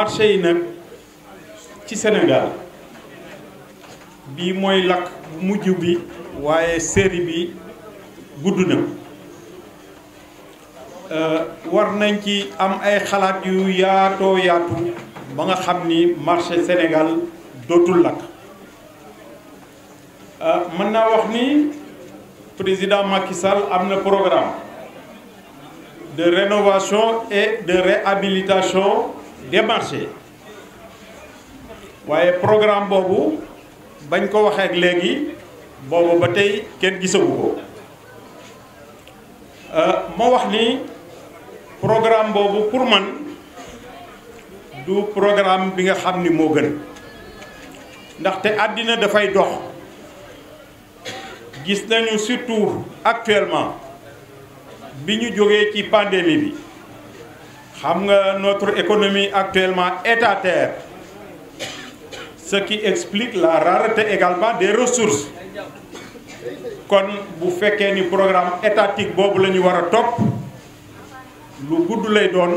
marché yi nag ci Sénégal bii mooy lakk mujj bi waaye série bi gudd na euh, war nañ ci am ay xalaat yu yaatoo yaatu ba nga xam ni marché Sénégal dootul lakk euh, mën naa wax ni président makisal am na programme de rénovation et de réhabilitation démarché waaye programme boobu bañ ko waxee ak léegi boobu ba tey kenn gisagu ko euh, moo wax ni programme boobu pour man du programme bi nga xam ni moo gën ndaxte àddina dafay dox gis nañu surtout actuellement bi ñu jógee ci pandémie bi xam nga notre économie actuellement est à terre ce qui explique la rareté également des ressources kon bu fekkee ni programme étatique boobu la ñu war a topp lu gudd lay doon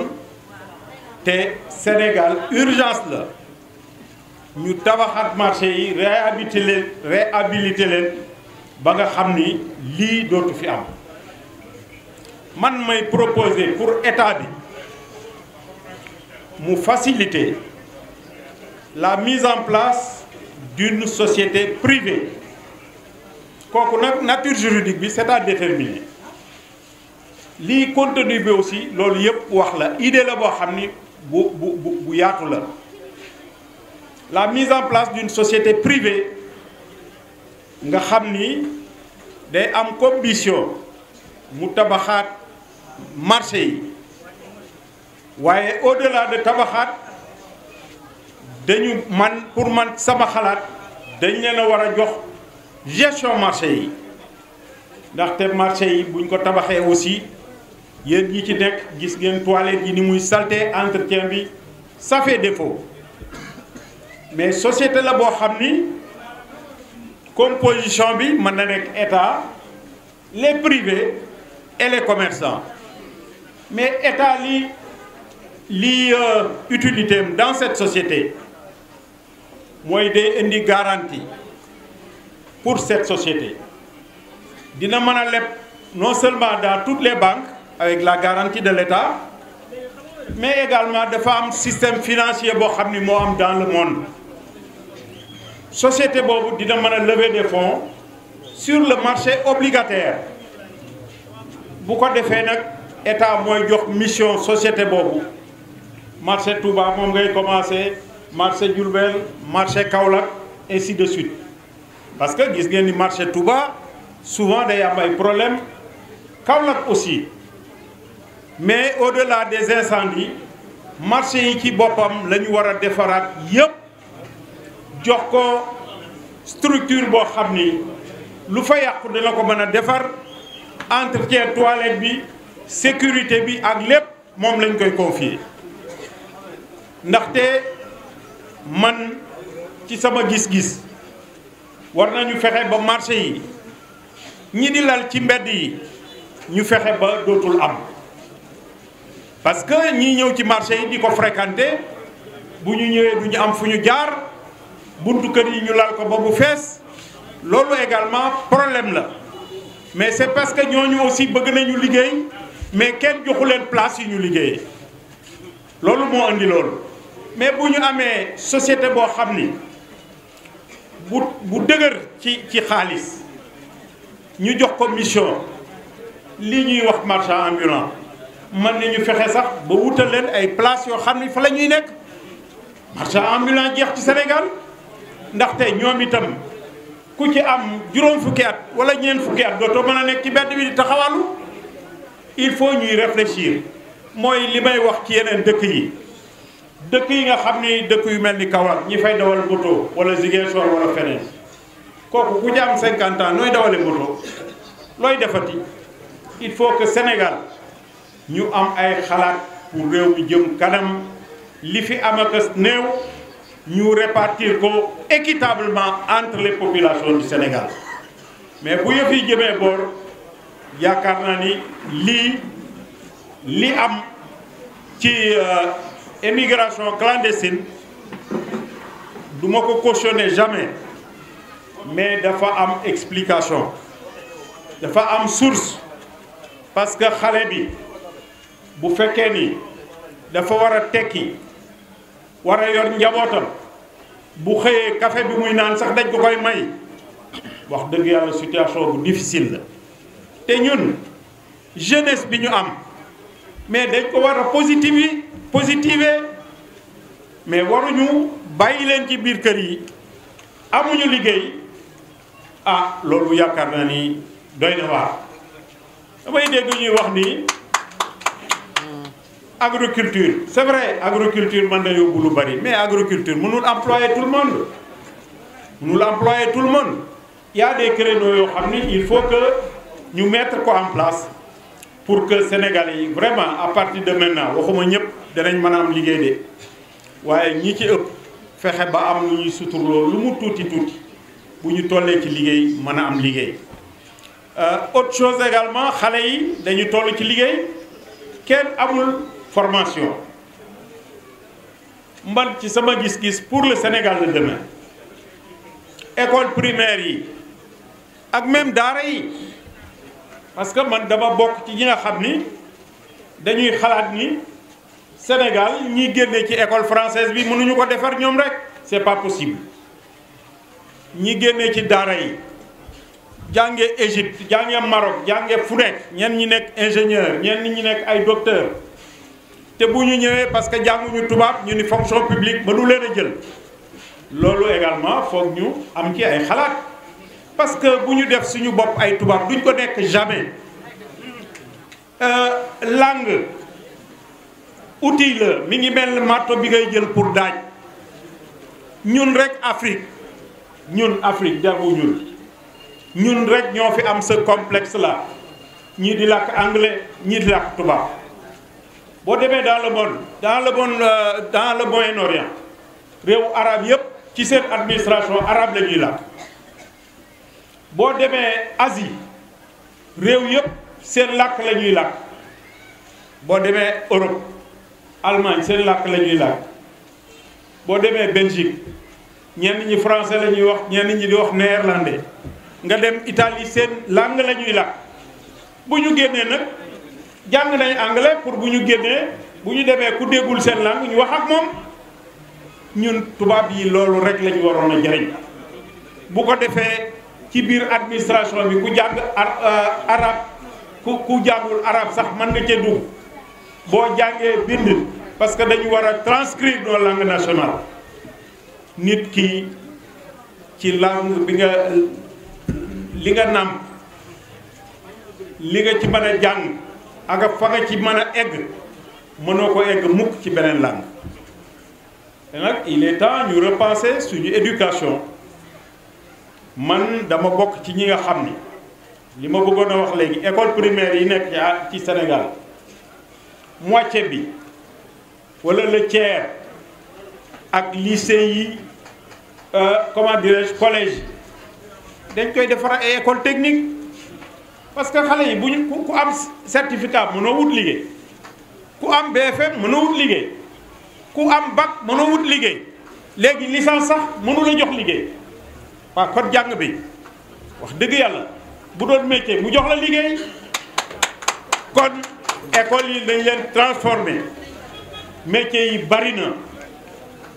te Sénégal urgence la ñu tabaxaat marché yi réhabilité leen ba nga xam ni lii dootu fi am man may proposé pour état bi. mu faciliter la mise en place d'une société privée kooku nag nature juridique bi c'est à déterminer lii contenu bi aussi loolu yëpp wax la idée la boo xam ni bu bu bu yaatu la la mise en place d'une société privée nga xam ni day am condition mu tabaxaat marché yi waaye au delà de tabaxaat dañu man pour man sama xalaat dañ leen a war a jox gestion marché yi ndaxte marché yi buñ ko tabaxee aussi yéen yi ci nekk gis ngeen toilettes yi ni muy salté entretien bi ça fait défaut mais société la boo xam ni composition bi mën na nekk état les privés et les commerçants mais état li lii euh, utilité dans cette société mooy day indi garantie pour cette société dina mën a leb non seulement dans tout les banques avec la garantie de l'État mais également dafa am système financier boo xam ni moo am dans le monde société boobu dina mën a leve des fonds sur le marché obligataire bu ko defee nag état mooy jox mission société boobu marché Touba moom ngay commencé marché Diourbel marché Kaolack ainsi de suite parce que gis ngeen ni marché Touba souvent day am problème Kaolack aussi mais au-delà des incendies marché yi ci boppam la ñu war a defaraat yépp jox ko structure boo xam ni lu fa yàqu dina ko mën a defar entretien toilette bi sécurité bi ak lépp moom lañ koy confier ndaxte man ci sama gis-gis war nañu fexe ba marché yi ñi di lal ci mbedd yi ñu fexe ba dootul am parce que ñi ñëw ci marché yi di ko fréquenter bu ñu ñëwee du am fu ñu jaar buntu kër yi ñu lal ko ba bu fees loolu également problème la mais c'est parce que ñooñu aussi bëgg nañu liggéey mais kenn joxu leen place yi ñu liggéeyee loolu moo indi loolu. mais bu ñu amee société boo xam ni bu bu dëgër ci ci xaalis ñu jox ko mission lii ñuy wax marchand ambulant mën nañu fexe sax ba wutal leen ay place yoo xam ni fa la ñuy nekk marchand ambulant jeex ci senegal ndaxte ñoom itam ku ci am juróom fukki at wala ñeent fukki at dootoo man a nekk ci bedd bi di taxawaalu il faut ñuy réfléchir mooy li may wax ci yeneen dëkk yi dëkk yi nga xam ni dëkk yu mel ni Kaolack ñi fay dawal moto wala Ziguinchor wala feneen kooku ku ci am 50 ans nooy dawale moto looy defati il faut que Sénégal ñu am ay xalaat pour réew mi jëm kanam li fi am ak néew ñu répartir ko équitablement entre les populations du Sénégal mais bu yëf yi jëmee boor yaakaar naa ni lii li am ci. Euh, émigration clandestine du ma ko cautionner jamais mais dafa am explication dafa am source parce que xale bi bu fekkee ni dafa war a tekki war a yor njabootam bu xëyee café bi muy naan sax dañ ko koy may wax dëgg yàlla situation bu difficile la te ñun jeunesse bi ñu am mais dañ ko war a positiver positiver mais waruñu bàyyi leen ci biir kër yi amuñu liggéey ah loolu yaakaar naa ni doy na waar damay dégg ñuy wax ni agriculture c'est vrai agriculture mën na yóbbu lu bari mais agriculture mënul employer tout le monde mënul employer tout le monde il y a des créneaux xam ni il faut que ñu mettre ko en place pour que sénégalais yi vraiment à partir de waxuma ñëpp danañ mën a am liggéey de waaye ñii ci ëpp fexe ba am lu ñuy suturloo lu mu tuuti tuuti bu ñu tollee ci liggéey mën a am liggéey euh, autre chose également xale yi dañu toll ci liggéey kenn amul formation man ci sama gis-gis pour le Sénégal de demain école primaire yi ak même daara yi parce que man dama bokk ci ñi nga xam ni dañuy xalaat ni Sénégal ñi génne ci école française bi mënuñu ko defar ñoom rek c'est pas possible ñi génne ci daara yi jànge Égypte jànge Maroc jànge fu nekk ñenn ñi nekk ingénieur ñenn ñi nekk ay docteur te bu ñu ñëwee parce que jànguñu tubaab ñu ni fonction publique mënu leen a jël loolu également foog ñu am ci ay xalaat parce que bu ñu def suñu bopp ay tubaab duñ ko nekk jamais euh, langue outil la mi ngi mel marto bi ngay jël pour daaj ñun rek Afrique ñun Afrique jagu ñun ñun rek ñoo fi am sa complexe la ñii di làkk anglais ñii di làkk tubaab boo demee dans le monde dans le monde euh, dans le Moyen-Orient réewu arab yépp ci seen administration arabe la làkk boo demee Asie réew yëpp seen làkk la ñuy làkk boo demee Europe Allemagne seen làkk la ñuy làkk boo demee Belgique ñenn ñi français la ñuy wax ñenn ñi di wax néerlandais nga dem Italie seen langue la ñuy làkk bu ñu génnee nag jàng nañ anglais pour bu ñu génnee bu ñu demee ku déggul seen langue ñu wax ak moom ñun tubaab yi loolu rek la waroon a jariñ bu ko defee ci biir administration bi ku jàng euh, arab ku ku jàngul arab sax mën nga cee dugg boo jàngee bind parce que dañu war a transcrire nos langues nationales nit ki ci làng bi nga li nga nam li nga ci mën a jàng aka fa nga ci mën a egg mënoo ko egg mukk ci beneen langue te nag il est temps ñu repenser suñu éducation man dama bokk ci ñi nga xam ni li ma bëggoon a wax léegi école primaire yi nekk ci Sénégal moitié bi wala le tiers ak lycée yi euh, comment dirais-je collège dañ koy defar ay école technique parce que xale yi bu ñu ku am certificat mënoo wut liggéey ku am BFM mënoo wut liggéey ku am bac mënoo wut liggéey léegi licence sax mënu la jox liggéey waaw kon jàng bi wax dëgg yàlla bu doon métier mu jox la liggéey kon école yi dañ leen transformé métier yi bari na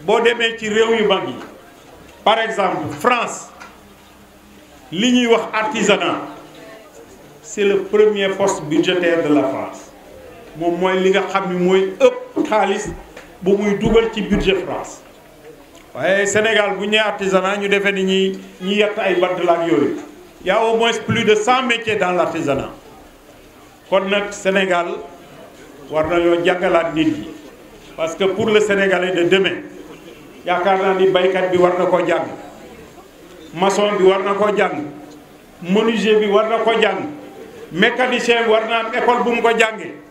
boo demee ci réew yu mag yi par exemple France li ñuy wax artisanat c'est le premier poste budgétaire de la France moom mooy li nga xam ni mooy ëpp xaalis bu muy dugal ci budget France waaye Sénégal bu ñëwee artisanat ñu defee ni ñi ñi yatt ay bant la ak yooyu y a au plus de cent métiers dans l' artisanat kon nag Sénégal war na nañoo jàngalaat nit yi parce que pour le Sénégalais de demain yaakaar naa ni baykat bi war na koo jàng maçon bi war na koo jàng menuisier bi war na koo jàng mécanicien bi war naa am école bu mu ko jàngee.